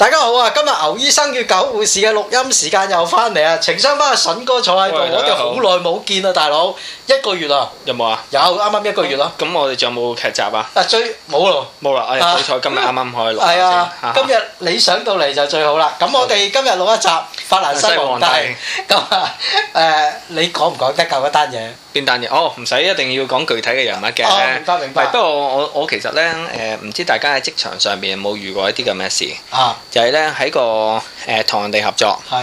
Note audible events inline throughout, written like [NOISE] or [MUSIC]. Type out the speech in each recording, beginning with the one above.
大家好啊！今日牛醫生與狗護士嘅錄音時間又翻嚟啊！情商，返阿筍哥坐喺度，我哋好耐冇見啦，大佬，一個月啊？有冇啊？有，啱啱一個月咯。咁我哋仲有冇劇集啊？啊，追冇咯，冇啦！哎呀，好彩今日啱啱可以錄，係啊，今日你上到嚟就最好啦。咁我哋今日錄一集法蘭西皇帝。咁啊，誒，你講唔講得夠一單嘢？變淡嘅，哦，唔使一定要講具體嘅人物嘅、哦，明白明白。不過我我其實咧，誒、呃、唔知大家喺職場上邊有冇遇過一啲咁嘅事？啊，就係咧喺個誒同、呃、人哋合作，係誒是、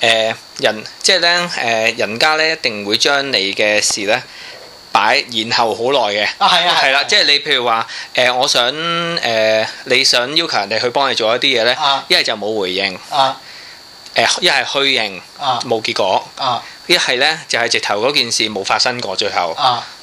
呃、人，即係咧誒人家咧一定會將你嘅事咧擺延後好耐嘅，啊係啊，係啦、啊，啊啊、即係你譬如話誒、呃，我想誒、呃、你想要求人哋去幫你做一啲嘢咧，一係就冇回應。啊啊啊誒一係虛型，冇、啊、結果；一係咧就係、是、直頭嗰件事冇發生過，最後。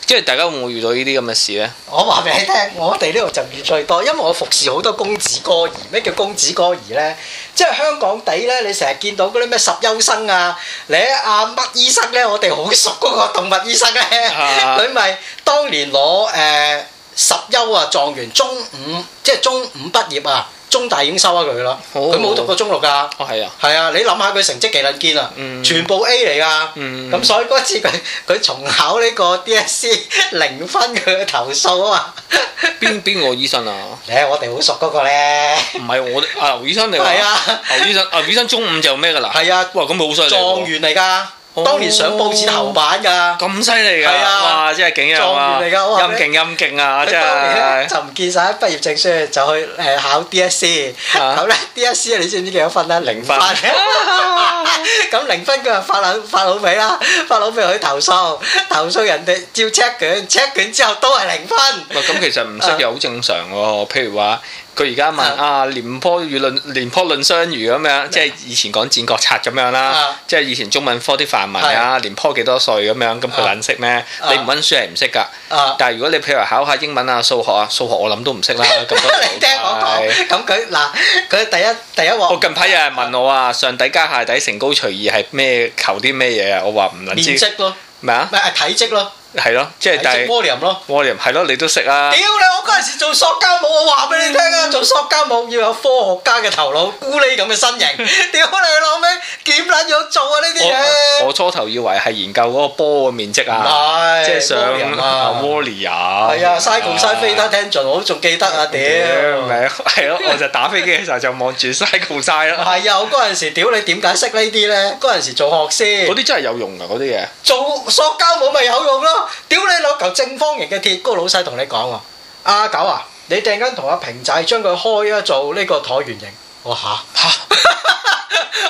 即係、啊、大家會唔會遇到呢啲咁嘅事咧？我話俾你聽，我哋呢度就遇最多，因為我服侍好多公子哥兒。咩叫公子哥兒咧？即係香港地咧，你成日見到嗰啲咩十優生啊，你阿、啊、乜醫生咧？我哋好熟嗰個動物醫生咧，佢咪、啊、 [LAUGHS] 當年攞誒、呃、十優啊，狀元中五，即係中五畢業啊！中大已經收咗佢啦，佢冇讀過中六㗎。哦，係啊，係啊，啊，你諗下佢成績幾撚堅啊？嗯、全部 A 嚟㗎，咁、嗯、所以嗰次佢佢重考呢個 DSE [LAUGHS] 零分，佢投訴啊嘛。邊邊個醫生啊？你係 [LAUGHS] 我哋好熟嗰個咧。唔係我啊，劉醫生嚟㗎。係啊，劉醫生，啊劉醫生中，中五就咩㗎啦？係啊， [LAUGHS] 哇，咁好犀利。狀元嚟㗎。當年上報紙頭版噶，咁犀利噶，哇！真係勁呀嘛，陰勁陰勁啊！真係就唔見曬啲畢業證書，就去誒考 D S C，咁咧 D S C 你知唔知幾多分啊？零分，咁零分佢話發老發老脾啦，發老脾去投訴，投訴人哋照 check 卷，check 卷之後都係零分。唔係咁，其實唔識又好正常喎。譬如話。佢而家問啊廉頗語論廉頗論相如咁樣，即係以前講戰國策咁樣啦，即係以前中文科啲範文啊，廉頗幾多歲咁樣，咁佢撚識咩？你唔溫書係唔識噶。但係如果你譬如考下英文啊、數學啊，數學我諗都唔識啦。咁你聽我講，咁佢嗱佢第一第一話。我近排有人問我啊，上底加下底，成高除二係咩？求啲咩嘢啊？我話唔撚知。面積咯。咩啊？咩體積咯？係咯，即係第。William 咯。William 係咯，你都識啊！屌你，我嗰陣時做塑膠舞，我話俾你聽啊！做塑膠舞要有科學家嘅頭腦，咕喱咁嘅身形，屌你老味，點撚樣做啊？呢啲嘢。我初頭以為係研究嗰個波嘅面積啊，即係上啊 William 係啊，cycle cycle attention，我仲記得啊！屌，係咯，我就打飛機嘅時候就望住 cycle cycle 咯。係啊，我嗰陣時屌你點解識呢啲咧？嗰陣時做學先。嗰啲真係有用㗎，嗰啲嘢。做塑膠舞咪有用咯～屌你攞嚿正方形嘅鐵，嗰個老細同你講喎，阿九啊，你陣間同阿平仔將佢開咗做呢個橢圓形。我吓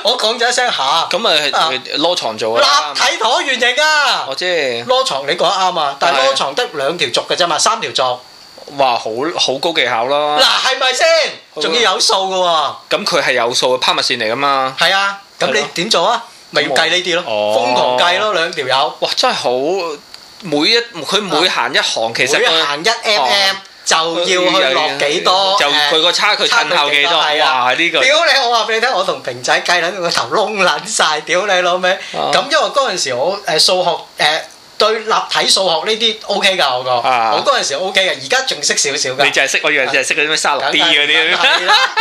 我講咗一聲吓。咁咪攞床做啊？立體橢圓形啊！我知，攞床你講得啱啊，但係攞床得兩條軸嘅啫嘛，三條軸。哇，好好高技巧咯。嗱，係咪先？仲要有數嘅喎。咁佢係有數嘅拋物線嚟噶嘛？係啊，咁你點做啊？咪要計呢啲咯，瘋狂計咯，兩條友，哇，真係好。每一佢每行一行，其實每行一 M M 就要去落幾多？就佢個差距，進後幾多？係哇！呢個屌你，我話俾你聽，我同平仔計，撚個頭窿撚晒屌你老味！咁因為嗰陣時我誒數學誒。對立體數學呢啲 OK 㗎，我個，我嗰陣時 OK 嘅，而家仲識少少㗎。你淨係識，我以為淨係識嗰啲咩沙漏 D 嗰啲。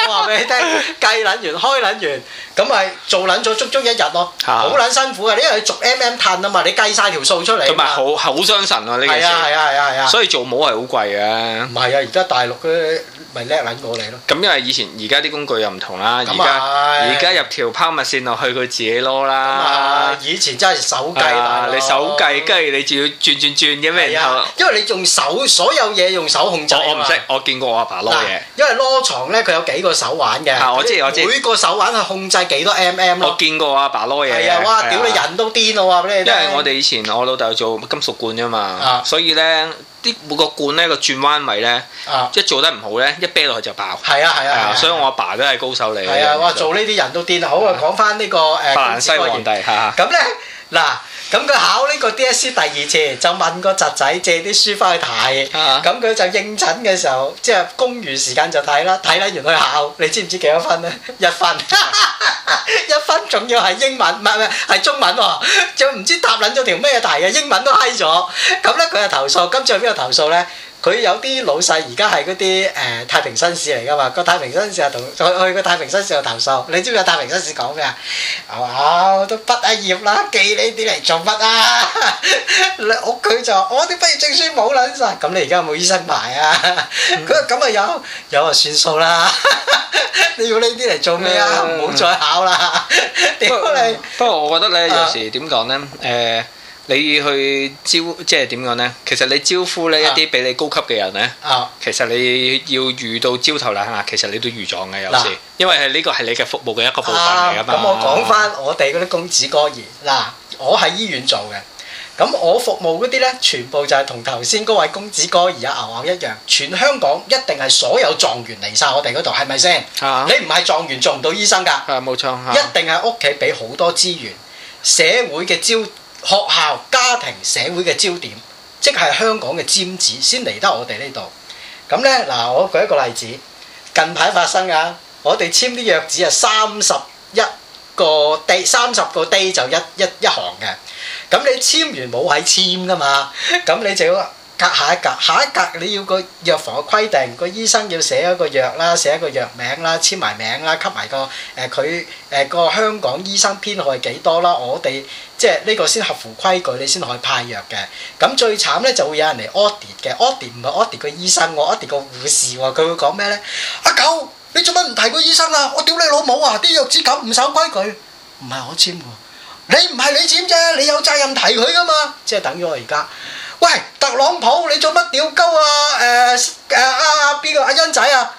我話俾你聽，計撚完，開撚完，咁咪做撚咗足足一日咯，好撚辛苦呀，因為佢逐 MM 褪啊嘛，你計曬條數出嚟。同埋好好傷神啊呢件事。係啊，係啊，係啊，係啊。所以做模係好貴呀。唔係啊，而家大陸嗰。咪叻撚過你咯！咁因為以前而家啲工具又唔同啦，而家而家入條拋物線落去佢自己攞啦。以前真係手計啦，你手計，跟住你仲要轉轉轉嘅咩？因為你用手所有嘢用手控制，我唔識，我見過我阿爸攞嘢。因為攞床咧，佢有幾個手環嘅。我我每個手環係控制幾多 mm 啊？我見過我阿爸攞嘢。係啊！哇！屌你人都癲啊！因為我哋以前我老豆做金屬罐啊嘛，所以咧。啲每個罐咧，個轉彎位咧，啊、一做得唔好咧，一啤落去就爆。係啊，係啊，啊啊所以我阿爸都係高手嚟。係啊，我做呢啲人都掂好啊。講翻呢個誒，法蘭西皇帝咁咧嗱。咁佢考呢個 DSE 第二次，就問個侄仔借啲書翻去睇。咁佢、uh huh。就應診嘅時候，即係工餘時間就睇啦，睇啦完去考。你知唔知幾多分咧？一分， [LAUGHS] 一分仲要係英文，唔係唔係係中文喎、哦，仲唔知答撚咗條咩題嘅英文都閪咗。咁咧佢就投訴，今次去邊度投訴咧？佢有啲老細而家係嗰啲誒太平紳士嚟噶嘛。個太平紳士又同去去個太平紳士度投訴，你知唔知太平紳士講咩啊？我都畢咗業啦，寄呢啲嚟做乜啊？屋佢就我啲畢業證書冇撚曬，咁你而家有冇醫生牌啊？如果咁啊有，有啊算數啦。你要呢啲嚟做咩啊？唔好再考啦。不過咧，不過我覺得咧，有時點講咧，誒。你去招即係點講咧？其實你招呼咧一啲比你高級嘅人咧，其實你要遇到焦頭爛額，其實你都預咗嘅，有時，因為係呢個係你嘅服務嘅一個部分嚟噶嘛。咁我講翻我哋嗰啲公子哥兒，嗱，我喺醫院做嘅，咁我服務嗰啲咧，全部就係同頭先嗰位公子哥兒啊牛牛一樣，全香港一定係所有狀元嚟曬我哋嗰度，係咪先？你唔係狀元做唔到醫生噶？係冇錯吓，一定係屋企俾好多資源，社會嘅招。學校、家庭、社會嘅焦點，即係香港嘅尖子，先嚟得我哋呢度。咁咧嗱，我舉一個例子。近排發生啊，我哋簽啲藥紙啊，三十一個 day，三十個 day 就一一一行嘅。咁你簽完冇位簽㗎嘛？咁你就要隔下一格，下一格你要個藥房嘅規定，個醫生要寫一個藥啦，寫一個藥名啦，簽埋名啦，給埋個誒佢誒個香港醫生編號係幾多啦？我哋。即係呢個先合乎規矩，你先可以派藥嘅。咁最慘咧就會有人嚟 audit 嘅，audit 唔係 audit 個醫生喎，audit 個護士喎，佢會講咩咧？阿狗，你做乜唔提個醫生啊？我屌你老母啊！啲藥紙咁唔守規矩，唔係我簽喎，你唔係你簽啫，你有責任提佢噶嘛？即係等於我而家，喂特朗普，你做乜屌鳩啊？誒誒阿阿邊個阿欣仔啊？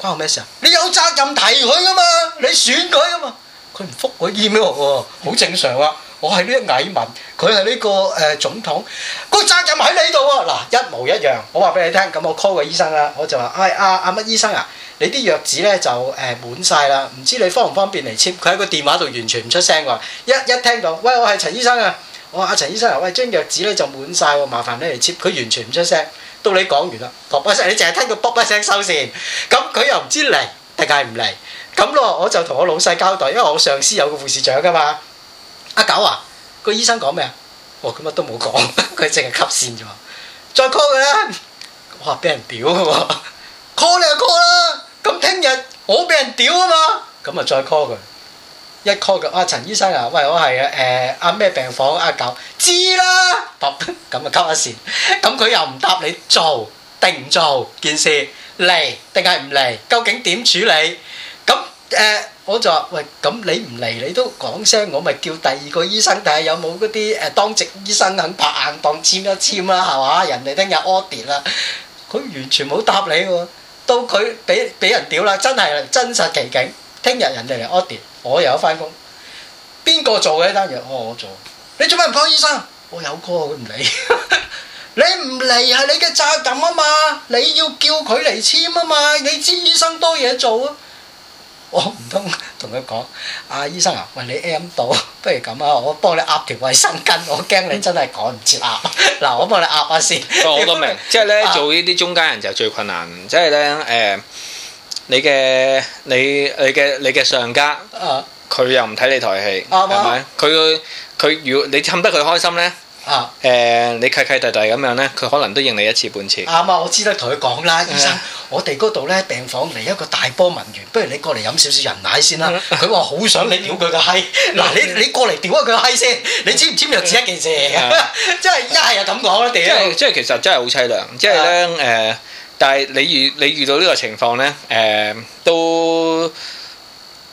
關我咩事啊？你有責任提佢噶嘛？你選佢噶嘛？佢唔覆個 email 喎，好正常喎。我係呢個蟻民，佢係呢個誒總統，個責任喺你度、啊、喎。嗱，一模一樣。我話俾你聽，咁我 call 個醫生啦，我就話：唉、哎，阿阿乜醫生啊？你啲藥紙咧就誒、欸、滿晒啦，唔知你方唔方便嚟簽？佢喺個電話度完全唔出聲喎、啊。一一聽到，喂，我係陳醫生啊！我話阿、啊、陳醫生啊，喂，張藥紙咧就滿晒喎，麻煩你嚟簽。佢完全唔出聲。到你講完啦，卜卜聲，你淨係聽到卜一聲收線。咁佢又唔知嚟，定係唔嚟？咁咯，我就同我老細交代，因為我上司有個護士長㗎嘛。阿九啊，個醫生講咩啊？哦，佢乜都冇講，佢淨係 cut 線咋，再 call 佢啦！哇，俾人屌㗎喎，call 你啊 call 啦！咁聽日我俾人屌啊嘛，咁啊再 call 佢，一 call 佢啊陳醫生啊，喂我係誒阿咩病房阿九知啦，咁啊 cut 下線，咁佢又唔答你做定唔做件事嚟定係唔嚟？究竟點處理？誒、呃，我就話喂，咁你唔嚟，你都講聲，我咪叫第二個醫生。但係有冇嗰啲誒當值醫生肯拍硬檔簽一簽啦？係咪，人哋聽日 audit 啦，佢完全冇答你喎。到佢俾俾人屌啦，真係真實奇景。聽日人哋嚟 audit，我又有翻工。邊個做嘅呢單嘢？我做。你做咩唔幫醫生？我有 call 佢唔理。 [LAUGHS] 你唔嚟係你嘅責任啊嘛！你要叫佢嚟簽啊嘛！你知醫生多嘢做啊？我唔通同佢講，阿、啊、醫生啊，喂，你 M 到，不如咁啊，我幫你壓條衞生巾， [LAUGHS] 我驚你真係趕唔切壓。嗱，我幫你壓下先。我都明， [LAUGHS] 即係咧做呢啲中間人就最困難，即係咧誒，你嘅你你嘅你嘅上家，佢、uh, 又唔睇你台戲，係咪、uh,？佢佢要你氹得佢開心咧。啊！誒、uh,，你契契弟弟咁樣咧，佢可能都認你一次半次。啱啊、嗯！我知得同佢講啦，醫生，uh, 我哋嗰度咧病房嚟一個大波文員，不如你過嚟飲少少人奶先啦。佢話好想你屌佢個閪，嗱，你你過嚟屌下佢個閪先。你知唔知又只一件事啊？即係一係又咁講啦。即係即係其實真係好凄涼，即係咧誒，uh, uh, 但係你遇你遇到呢個情況咧誒，uh, 都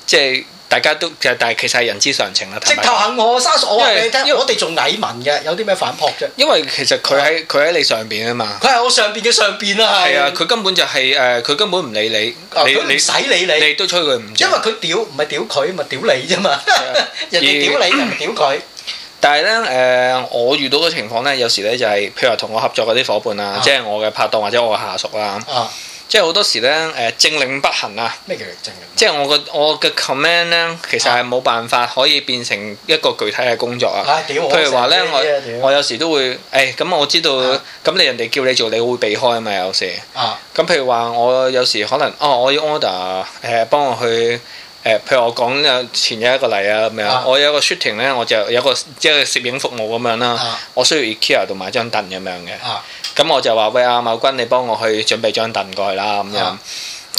即係。大家都就但係其實係人之常情啦。直頭係我，三十我我哋做蟻民嘅，有啲咩反撲啫？因為其實佢喺佢喺你上邊啊嘛。佢喺我上邊嘅上邊啊。係啊，佢根本就係誒，佢根本唔理你，你使理你，你都吹佢唔。因為佢屌唔係屌佢，咪屌你啫嘛。人哋屌你，唔屌佢。但係咧誒，我遇到嘅情況咧，有時咧就係譬如話同我合作嗰啲伙伴啊，即係我嘅拍檔或者我嘅下屬啦。即係好多時咧，誒、呃、指令不行啊！咩叫即係我個我嘅 command 咧，其實係冇辦法可以變成一個具體嘅工作啊。啊，譬如話咧，我我有時都會，誒咁、啊哎、我知道，咁、啊、你人哋叫你做你，你會避開啊嘛，有時。啊，咁譬如話，我有時可能，哦，我要 order，誒、呃、幫我去。譬如我講前日一個例啊咁樣，我有個 shooting 咧，我就有個即係攝影服務咁樣啦。啊、我需要 IKEA 度買張凳咁樣嘅，咁、啊、我就話喂阿茂、啊、君，你幫我去準備張凳過去啦咁、啊、樣。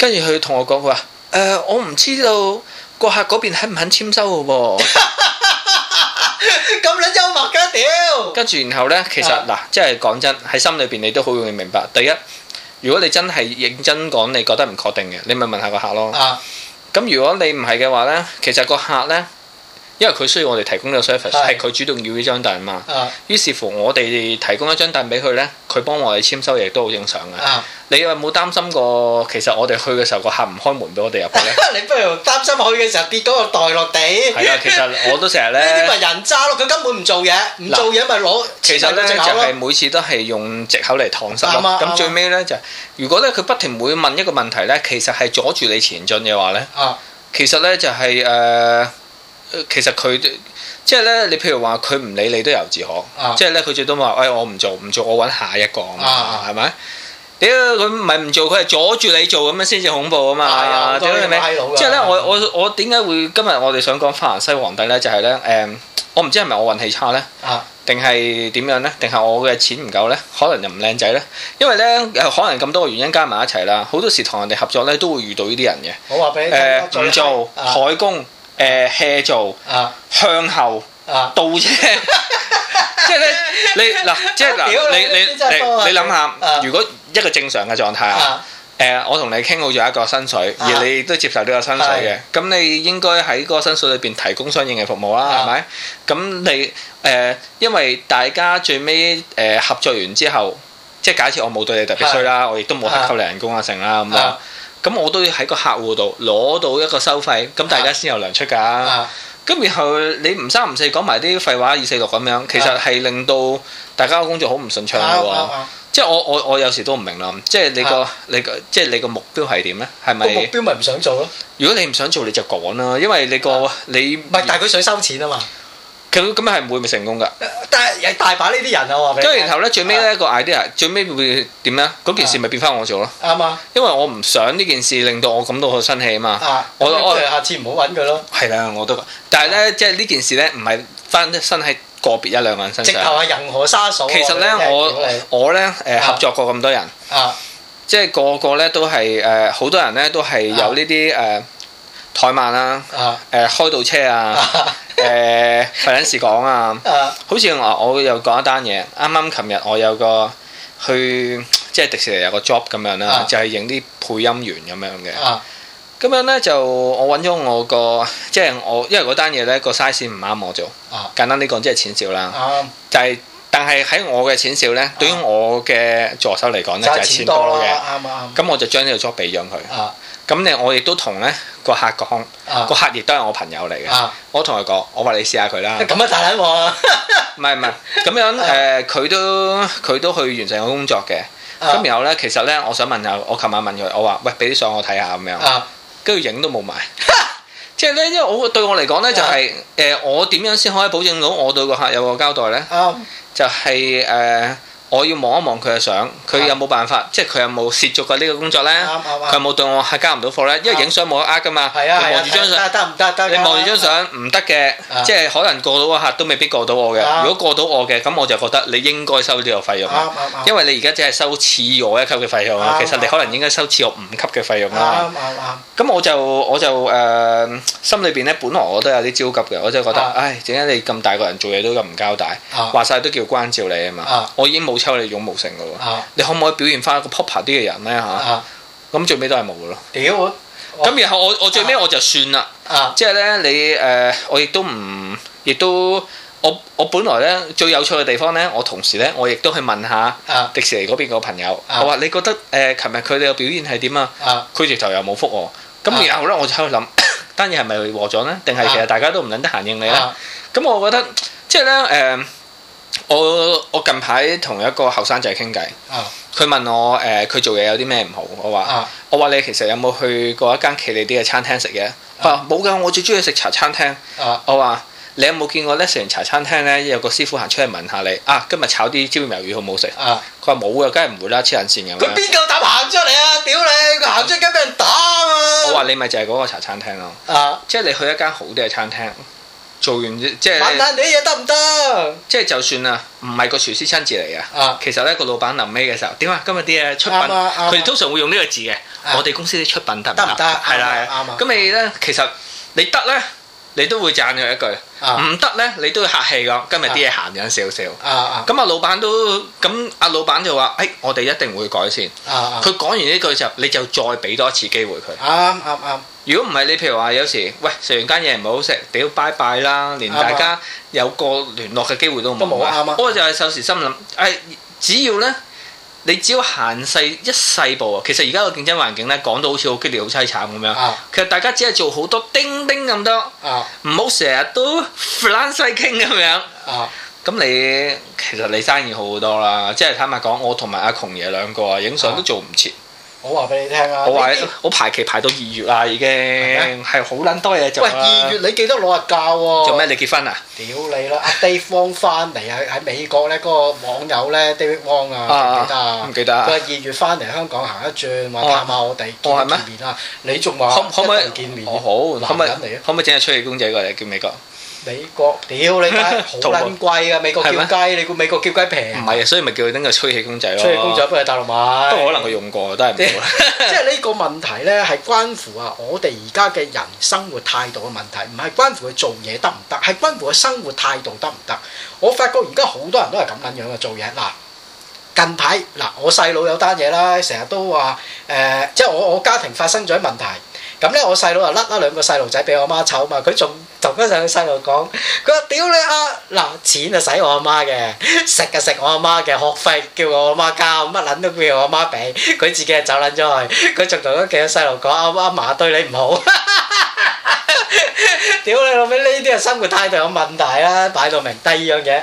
跟住佢同我講佢話誒，我唔知道個客嗰邊肯唔肯簽收嘅喎。咁撚幽默㗎屌！跟住然後咧，其實嗱，即係講真喺心裏邊，你都好容易明白。第一，如果你真係認真講，你覺得唔確定嘅，你咪問下個客咯。 [LAUGHS] 咁如果你唔係嘅話咧，其實個客咧。因為佢需要我哋提供呢個 service，係佢主動要呢張單嘛。於是乎我哋提供一張單俾佢咧，佢幫我哋簽收亦都好正常嘅。你有冇擔心過？其實我哋去嘅時候，個客唔開門俾我哋入去咧。你不如擔心去嘅時候跌咗個袋落地。係啊，其實我都成日咧。呢啲咪人渣咯，佢根本唔做嘢，唔做嘢咪攞。其實咧就係每次都係用藉口嚟搪塞。咁最尾咧就，如果咧佢不停會問一個問題咧，其實係阻住你前進嘅話咧。其實咧就係誒。其實佢即係咧，你譬如話佢唔理你都由自可，即係咧佢最多話，哎，我唔做唔做，我搵下一個啊嘛，係咪？屌佢唔係唔做，佢係阻住你做咁樣先至恐怖啊嘛！啊，即係咧，我我我點解會今日我哋想講法蘭西皇帝咧？就係咧，誒，我唔知係咪我運氣差咧，定係點樣咧？定係我嘅錢唔夠咧？可能就唔靚仔咧？因為咧，可能咁多個原因加埋一齊啦。好多時同人哋合作咧，都會遇到呢啲人嘅。我話俾你聽，唔做台工。誒 hea 做向後倒車，即係咧你嗱，即係嗱，你你你你諗下，如果一個正常嘅狀態啊，誒我同你傾好咗一個薪水，而你亦都接受呢個薪水嘅，咁你應該喺嗰個薪水裏邊提供相應嘅服務啦，係咪？咁你誒，因為大家最尾誒合作完之後，即係假設我冇對你特別衰啦，我亦都冇克扣你人工啊成啦咁樣。咁我都要喺個客戶度攞到一個收費，咁大家先有糧出噶。咁、啊啊、然後你唔三唔四講埋啲廢話二四六咁樣，6，其實係令到大家嘅工作好唔順暢噶。啊啊啊、即係我我我有時都唔明啦。即係你個、啊、你個即係你個目標係點咧係咪目標咪唔想做咯？如果你唔想做，你就講啦。因為你，啊、你個你唔係，但係佢想收錢啊嘛。咁樣係唔會唔會成功噶？但係大把呢啲人啊，我話俾你。跟住然後咧，最尾咧個 idea 最尾會點咧？嗰件事咪變翻我做咯？啱啊！因為我唔想呢件事令到我感到好生氣啊嘛。啊！我哋下次唔好揾佢咯。係啦，我都。但係咧，即係呢件事咧，唔係發生喺個別一兩個人身上。直頭係任何沙手。其實咧，我我咧誒合作過咁多人啊，即係個個咧都係誒好多人咧都係有呢啲誒。怠慢啦，誒開到車啊，誒費陣時講啊，好似我我又講一單嘢，啱啱琴日我有個去即係迪士尼有個 job 咁樣啦，就係影啲配音員咁樣嘅，咁樣呢，就我揾咗我個即係我因為嗰單嘢呢個 size 唔啱我做，簡單啲講即係錢少啦，就係但係喺我嘅錢少呢，對於我嘅助手嚟講呢，就係錢多嘅，咁我就將呢個 job 俾咗佢。咁你我亦都同咧個客講，個、啊、客亦都係我朋友嚟嘅、啊。我同佢講，我話你試下佢啦。咁啊大捻喎！唔係唔係，咁樣誒，佢、啊呃、都佢都去完成我工作嘅。咁、啊、然後咧，其實咧，我想問，我問我我下，我琴晚問佢，我話喂，俾啲相我睇下咁樣，跟住影都冇埋。即係咧，因為我對我嚟講咧，啊、就係、是、誒、呃，我點樣先可以保證到我對個客有個交代咧、啊？就係、是、誒。呃我要望一望佢嘅相，佢有冇辦法？即係佢有冇涉足過呢個工作呢？佢有冇對我係交唔到貨呢？因為影相冇得呃噶嘛。係啊係啊。你望住張相得唔得？得。你望住張相唔得嘅，即係可能過到個客都未必過到我嘅。如果過到我嘅，咁我就覺得你應該收呢個費用。因為你而家只係收似我一級嘅費用。其實你可能應該收似我五級嘅費用啦。咁我就我就誒心裏邊呢，本來我都有啲焦急嘅，我真係覺得，唉，點解你咁大個人做嘢都咁唔交代？話晒都叫關照你啊嘛。我已經冇。冇抽你勇無成嘅喎，你可唔可以表現翻一個 proper 啲嘅人咧嚇？咁最尾都係冇咯。屌，咁然後我我最尾我就算啦，即係咧你誒，我亦都唔，亦都我我本來咧最有趣嘅地方咧，我同時咧我亦都去問下迪士尼嗰邊個朋友，我話你覺得誒琴日佢哋嘅表現係點啊？佢直頭又冇覆我。」咁然後咧我就喺度諗，單嘢係咪和咗呢？定係其實大家都唔捻得閒應你咧？咁我覺得即係咧誒。我我近排同一個後生仔傾偈，佢問我誒佢、呃、做嘢有啲咩唔好，我話、啊、我話你其實有冇去過一間騎呢啲嘅餐廳食嘢？佢冇㗎，我最中意食茶餐廳。啊、我話你有冇見過咧？食完茶餐廳咧，有個師傅行出嚟問下你啊，今日炒啲椒鹽魷魚好唔好食？佢話冇㗎，梗係唔會啦，黐撚線㗎。佢邊夠膽行出嚟啊？屌、啊、你！佢行出嚟跟住俾人打啊！我話你咪就係嗰個茶餐廳咯，即係、啊、你去一間好啲嘅餐廳。做完即係，你嘢得唔得？即係就算啊，唔係個廚師親自嚟啊。啊，其實咧個老闆臨尾嘅時候，點啊？今日啲嘢出品，佢哋通常會用呢個字嘅。我哋公司啲出品得唔得？得唔得？係啦，啱啦，咁你咧，其實你得咧，你都會讚佢一句；唔得咧，你都會客氣噶。今日啲嘢鹹樣少少。咁啊，老闆都咁，阿老闆就話，誒，我哋一定會改善。」佢講完呢句就，你就再俾多次機會佢。啱啱啱。如果唔係你，譬如話有時，喂食完間嘢唔好食，屌拜拜啦！連大家有個聯絡嘅機會都冇。啱啊！我就係有時心諗，係、哎、只要咧，你只要行細一細步啊！其實而家個競爭環境咧，講到好似好激烈、好淒慘咁樣。啊、其實大家只係做好多叮叮咁多。啊，唔好成日都撚西傾咁樣。啊，咁你其實你生意好好多啦，即係坦白講，我同埋阿窮爺兩個啊影相都做唔切。啊。我話俾你聽啊！好排我排期排到二月啦，已經係好撚多嘢做啊！喂，二月你記得攞日教喎。做咩你結婚啊？屌你啦！David Wong 翻嚟啊！喺美國咧，嗰個網友咧，David Wong 啊，記唔記得啊？唔記得啊！佢話二月翻嚟香港行一轉，話探下我哋見面啊！你仲話可唔可以見面？我好，可唔可以整日出去公仔過嚟叫美國？美國屌你家好撚貴啊！美國叫雞，嗎你估美國叫雞平？唔係啊，所以咪叫佢拎個吹氣公仔咯，啊。吹氣公仔不如大陸買。不過可能佢用過，都係唔好。 [LAUGHS] 即係呢個問題咧，係關乎啊我哋而家嘅人生活態度嘅問題，唔係關乎佢做嘢得唔得，係關乎佢生活態度得唔得。我發覺而家好多人都係咁撚樣嘅做嘢嗱。近排嗱我細佬有單嘢啦，成日都話誒、呃，即係我我家庭發生咗問題。咁咧，我細佬又甩啦，兩個細路仔俾我媽湊嘛，佢仲同嗰兩個細路講，佢話：屌你啊，嗱，錢就使我阿媽嘅，食就食我阿媽嘅，學費叫我阿媽交，乜撚都叫我阿媽俾，佢自己係走撚咗去。佢仲同嗰幾隻細路講：阿媽阿嫲對你唔好。屌 [LAUGHS] 你老味，呢啲係生活態度有問題啦，擺到明。第二樣嘢，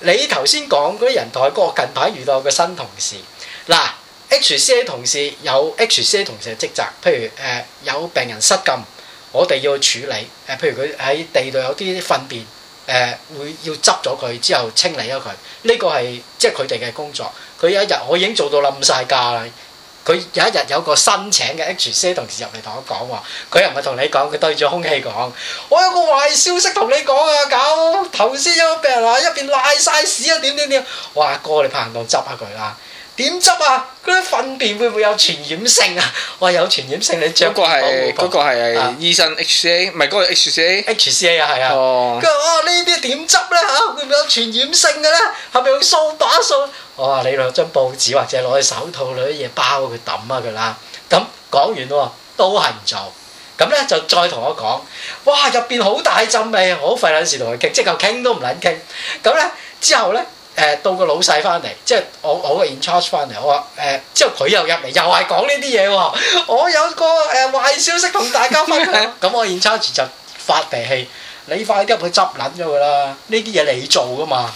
你頭先講嗰啲人代過，我近排遇到嘅新同事，嗱。HCA 同事有 HCA 同事嘅職責，譬如誒、呃、有病人失禁，我哋要去處理。誒、呃，譬如佢喺地度有啲糞便，誒、呃、會要執咗佢之後清理咗佢，呢個係即係佢哋嘅工作。佢有一日我已經做到冧晒架啦。佢有一日有一個新請嘅 HCA 同事入嚟同我講喎，佢又唔係同你講，佢對住空氣講：我有個壞消息同你講啊，咁頭先有個病人啊，一邊瀨晒屎啊，點點點。哇，哥，我哋派行當執下佢啦。點執啊？嗰啲糞便會唔會有傳染性啊？我話有傳染性，你知嗰個係嗰、嗰個係醫生 H C A，唔係嗰個 H C A。H C A 啊，係、那個、啊。佢話、oh. 啊啊啊啊啊：哇，呢啲點執咧？吓，會唔會有傳染性嘅咧？係咪用掃把掃？我話你攞張報紙或者攞去手套、攞啲嘢包佢抌啊，佢啦。咁講完喎，都係唔做。咁咧就再同我講，哇，入邊好大陣味，我好費卵事同佢傾，即係嚿傾都唔卵傾。咁咧之後咧。誒到個老細翻嚟，即係我我個 in charge 翻嚟，我話誒、欸，之後佢又入嚟，又係講呢啲嘢喎。我有個誒、呃、壞消息同大家分享。咁 [LAUGHS] 我 in charge 就發脾氣，你快啲入去執捻咗佢啦。呢啲嘢你做噶嘛。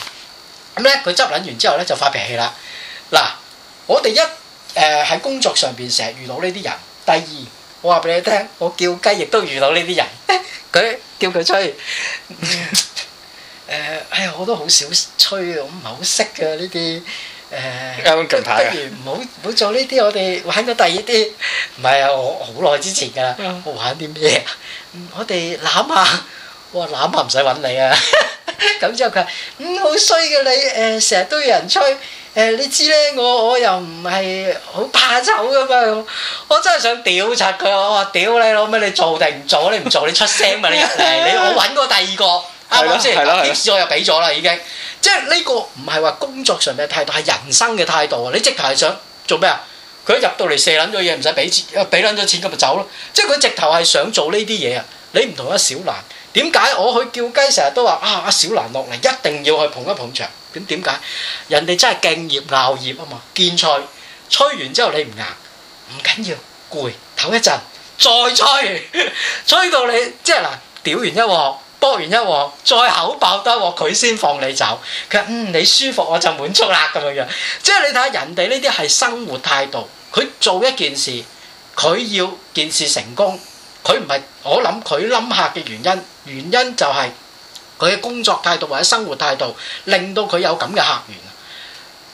咁咧佢執捻完之後咧就發脾氣啦。嗱，我哋一誒喺、呃、工作上邊成日遇到呢啲人。第二，我話俾你聽，我叫雞亦都遇到呢啲人。佢 [LAUGHS] 叫佢出去。 [LAUGHS] 誒，哎呀，我都好少吹啊，我唔係好識㗎呢啲，誒、呃，不如唔好唔好做呢啲，我哋玩個第二啲。唔係啊，我好耐之前噶啦、嗯，我玩啲咩？我哋攬下，我話攬下唔使揾你啊。咁 [LAUGHS] 之後佢話：嗯，好衰嘅你，誒、呃，成日都有人吹。誒、呃，你知咧，我我又唔係好怕醜噶嘛，我，我真係想屌柒佢，我話屌你老咩，你做定唔做？你唔做，做，你出聲嘛！你嚟，你， [LAUGHS] 你我揾個第二個。啱唔啱先？啲士我又俾咗啦，已經，即係呢個唔係話工作上面嘅態度，係人生嘅態度啊！你直頭係想做咩啊？佢一入到嚟射撚咗嘢，唔使俾錢，俾撚咗錢咁咪走咯。即係佢直頭係想做呢啲嘢啊！你唔同阿小蘭，點解我去叫雞成日都話啊？阿小蘭落嚟一定要去捧一捧場，咁點解？人哋真係敬業熬業啊嘛！健賽吹完之後你唔硬唔緊要，攰唞一陣再吹，吹到你即係嗱屌完一鑊。博完一鑊，再口爆得鑊，佢先放你走。佢話：嗯，你舒服我就滿足啦咁樣樣。即係你睇下人哋呢啲係生活態度，佢做一件事，佢要件事成功，佢唔係我諗佢冧客嘅原因，原因就係佢嘅工作態度或者生活態度令到佢有咁嘅客源。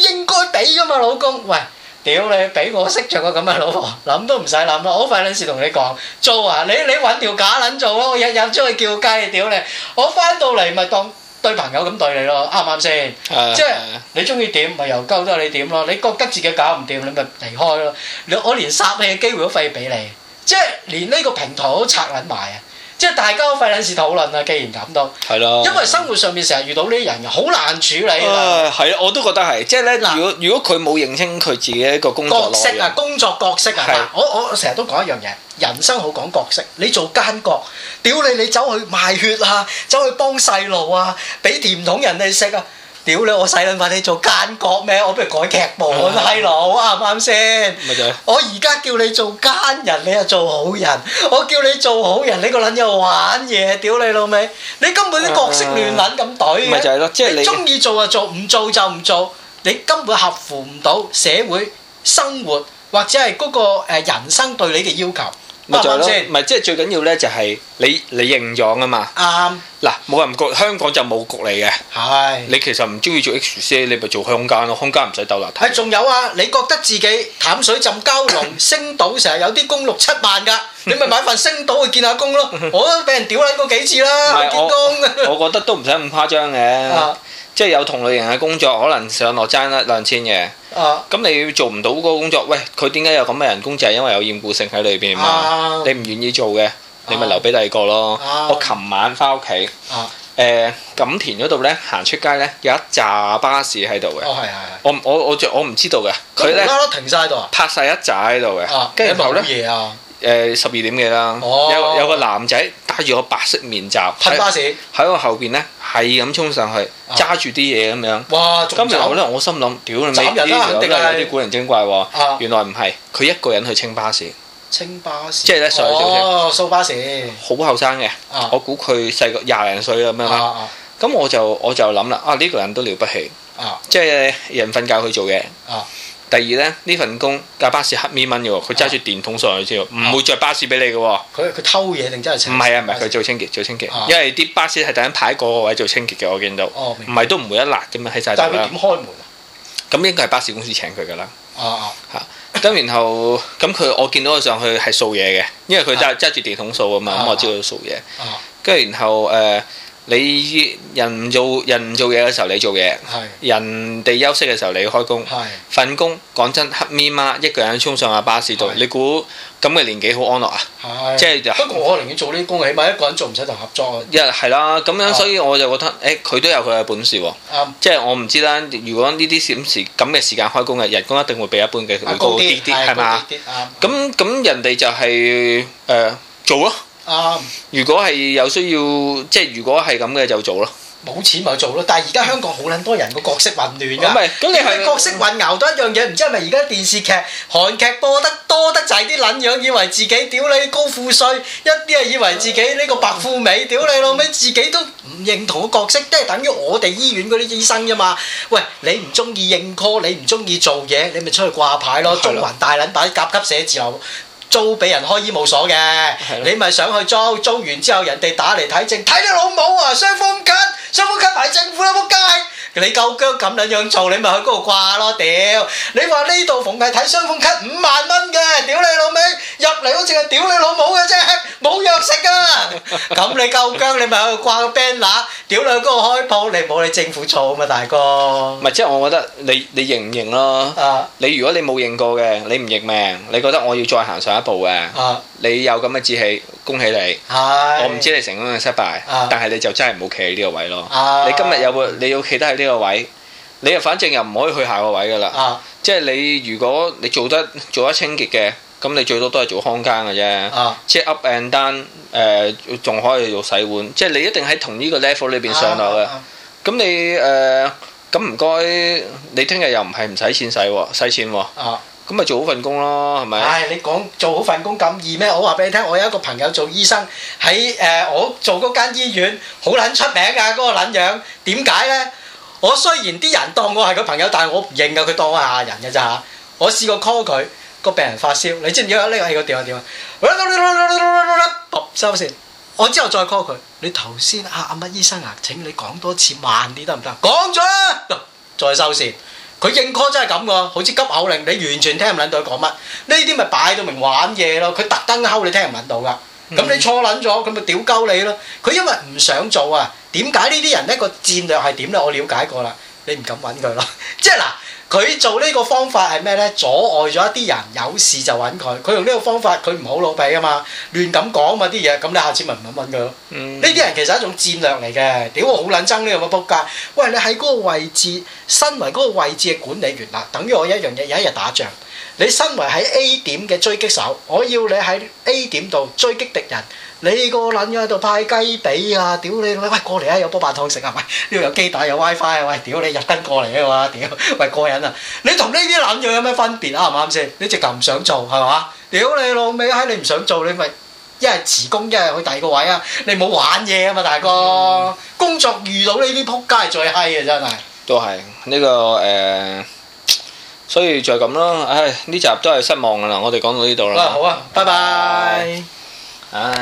應該俾噶嘛，老公？喂，屌你！俾我識著個咁嘅老婆，諗都唔使諗啦。好快撚時同你講做啊！你你揾條假撚做咯！我日日出去叫雞，屌你！我翻到嚟咪當對朋友咁對你咯，啱唔啱先？即係你中意點咪由鳩得你點咯？你覺得自己搞唔掂，你咪離開咯。我連殺你嘅機會都費俾你，即係連呢個平台都拆撚埋啊！即係大家費陣時討論啊！既然咁都，係囉的，因為生活上面成日遇到呢啲人，好難處理啊！係啊、呃，我都覺得係，即係咧喃。如果如果佢冇認清佢自己一個工作角色啊，工作角色啊，的我我成日都講一樣嘢，人生好講角色。你做奸角，屌你！你走去賣血啊，走去幫細路啊，俾甜筒人哋食啊！屌你！我細撚話你做奸角咩？我不如改劇本，閪佬啱唔啱先？我而家叫你做奸人，你又做好人。我叫你做好人，你個撚又玩嘢。屌你老味！你根本啲角色亂撚咁對。咪就係咯，即係你中意做就做，唔做就唔做。你根本合乎唔到社會生活或者係嗰個人生對你嘅要求。咪就係咯，咪即係最緊要咧就係你你認咗啊嘛。啱。嗱，冇人焗，香港就冇焗嚟嘅。係。你其實唔中意做 X 師，你咪做空間咯，空間唔使鬥難睇。係，仲有啊，你覺得自己淡水浸蛟龍，星島成日有啲工六七萬㗎，你咪買份星島去見下工咯。我都俾人屌撚過幾次啦，見工。我覺得都唔使咁誇張嘅，即係有同類型嘅工作，可能上落爭一兩千嘢。咁、啊、你做唔到嗰個工作，喂，佢點解有咁嘅人工？就係因為有厭惡性喺裏邊嘛。啊、你唔願意做嘅，啊、你咪留俾第二個咯。啊、我琴晚翻屋企，誒、啊呃，錦田嗰度咧行出街咧，有一扎巴士喺度嘅。哦，係係係。我我我我唔知道嘅，佢咧。停晒喺度。拍晒一扎喺度嘅，跟住嘢咧。誒十二點幾啦，有有個男仔戴住個白色面罩，清巴士喺我後邊呢，係咁衝上去，揸住啲嘢咁樣。哇！今日呢，我心諗，屌你，呢啲肯定有啲古靈精怪喎。原來唔係，佢一個人去清巴士，清巴士，即係咧掃掃巴士，好後生嘅。我估佢細個廿零歲咁樣啦。咁我就我就諗啦，啊呢個人都了不起。即係人瞓覺佢做嘅。第二咧，呢份工架巴士黑咪蚊嘅，佢揸住電筒上去照，唔會着巴士俾你嘅。佢佢偷嘢定真係清潔？唔係啊，唔係佢做清潔做清潔，因為啲巴士係第一排嗰個位做清潔嘅，我見到，唔係都唔會一辣咁樣，喺晒。但係佢點開門啊？咁應該係巴士公司請佢噶啦。咁然後咁佢我見到佢上去係掃嘢嘅，因為佢揸揸住電筒掃啊嘛，咁我知道佢掃嘢。跟住然後誒。你人唔做人唔做嘢嘅時候，你做嘢；人哋休息嘅時候，你開工。份工講真，黑咪媽一個人衝上啊巴士度，你估咁嘅年紀好安樂啊？即係就不過我寧願做呢啲工，起碼一個人做唔使同合作。一係啦，咁樣所以我就覺得，誒佢都有佢嘅本事喎。即係我唔知啦。如果呢啲閃時咁嘅時間開工嘅人工，一定會比一般嘅高啲啲，係嘛？咁咁人哋就係誒做咯。啊！如果係有需要，即係如果係咁嘅就做咯。冇錢咪做咯，但係而家香港好撚多人個角色混亂啊！唔係、嗯，咁你係角色混淆咗一樣嘢，唔知係咪而家電視劇韓劇播得多得滯啲撚樣，以為自己屌你高富帥，一啲啊以為自己呢個白富美，屌、嗯、你老味，自己都唔認同個角色，即係等於我哋醫院嗰啲醫生啫嘛。喂，你唔中意認科，你唔中意做嘢，你咪出去掛牌咯，嗯、中環大撚牌甲級寫字樓，租俾人開醫務所嘅，的你咪上去租？租完之後人哋打嚟睇症，睇到老母啊，傷風咳，傷風咳埋政府一撲街。你夠姜咁兩樣做，你咪去嗰度掛咯屌！你話呢度逢係睇雙鳳咳五萬蚊嘅，屌你老味入嚟好似係屌你老母嘅啫，冇藥食噶。咁 [LAUGHS] 你夠姜，你咪去掛個 banner，屌你去嗰度開鋪，你冇你政府做啊嘛大哥。咪即係我覺得你你，你認唔認咯？啊、你如果你冇認過嘅，你唔認命，你覺得我要再行上一步嘅。啊你有咁嘅志氣，恭喜你！哎、我唔知你成功定失敗，啊、但係你就真係唔好企喺呢個位咯。啊、你今日有冇？你要企得喺呢個位，你又反正又唔可以去下個位㗎啦。啊、即係你如果你做得做得清潔嘅，咁你最多都係做空間㗎啫。啊、即係 up and down，仲、呃、可以做洗碗。即係你一定喺同呢個 level 裏邊上落嘅。咁、啊啊啊、你誒咁唔該，你聽日又唔係唔使錢洗，洗錢喎。啊咁咪做好份工咯，係咪？唉，你講做好份工咁易咩？我話俾你聽，我有一個朋友做醫生，喺誒我做嗰間醫院好撚出名㗎，嗰個撚樣點解呢？我雖然啲人當我係個朋友，但係我唔認啊，佢當我係人嘅咋？我試過 call 佢個病人發燒，你知唔知呢個係個電話點啊？收線，我之後再 call 佢。你頭先阿阿乜醫生啊？請你講多次，慢啲得唔得？講咗，再收線。佢應 call 真係咁噶，好似急口令，你完全聽唔撚到佢講乜。呢啲咪擺到明玩嘢咯，佢特登溝你聽唔撚到噶。咁你錯撚咗，咁咪屌鳩你咯。佢因為唔想做啊。點解呢啲人呢個戰略係點呢？我了解過啦，你唔敢揾佢咯。即係嗱。佢做呢個方法係咩呢？阻礙咗一啲人有事就揾佢。佢用呢個方法，佢唔好老幣啊嘛，亂咁講嘛啲嘢。咁你下次咪唔肯揾佢囉。呢啲、嗯、人其實係一種戰略嚟嘅。屌，我好撚憎呢個仆街。喂，你喺嗰個位置，身為嗰個位置嘅管理員啦，等於我一樣嘢有一日打仗。你身為喺 A 點嘅追擊手，我要你喺 A 點度追擊敵人。你個撚樣喺度派雞髀啊！屌你老味，喂過嚟啊！有煲八湯食啊？唔係呢度有機打有 WiFi 啊！Fi，喂，屌你日登過嚟啊嘛！屌喂過癮啊！你同呢啲撚樣有咩分別啊？啱唔啱先？你直頭唔想做係嘛？屌你老味閪！你唔想做你咪一係辭工一係去第二個位啊！你冇玩嘢啊嘛，大哥！嗯、工作遇到呢啲仆街最閪啊，真係。都係呢、這個誒。呃所以就係咁咯，唉，呢集都係失望㗎啦，我哋講到呢度啦。好啊，拜拜。唉拜。哎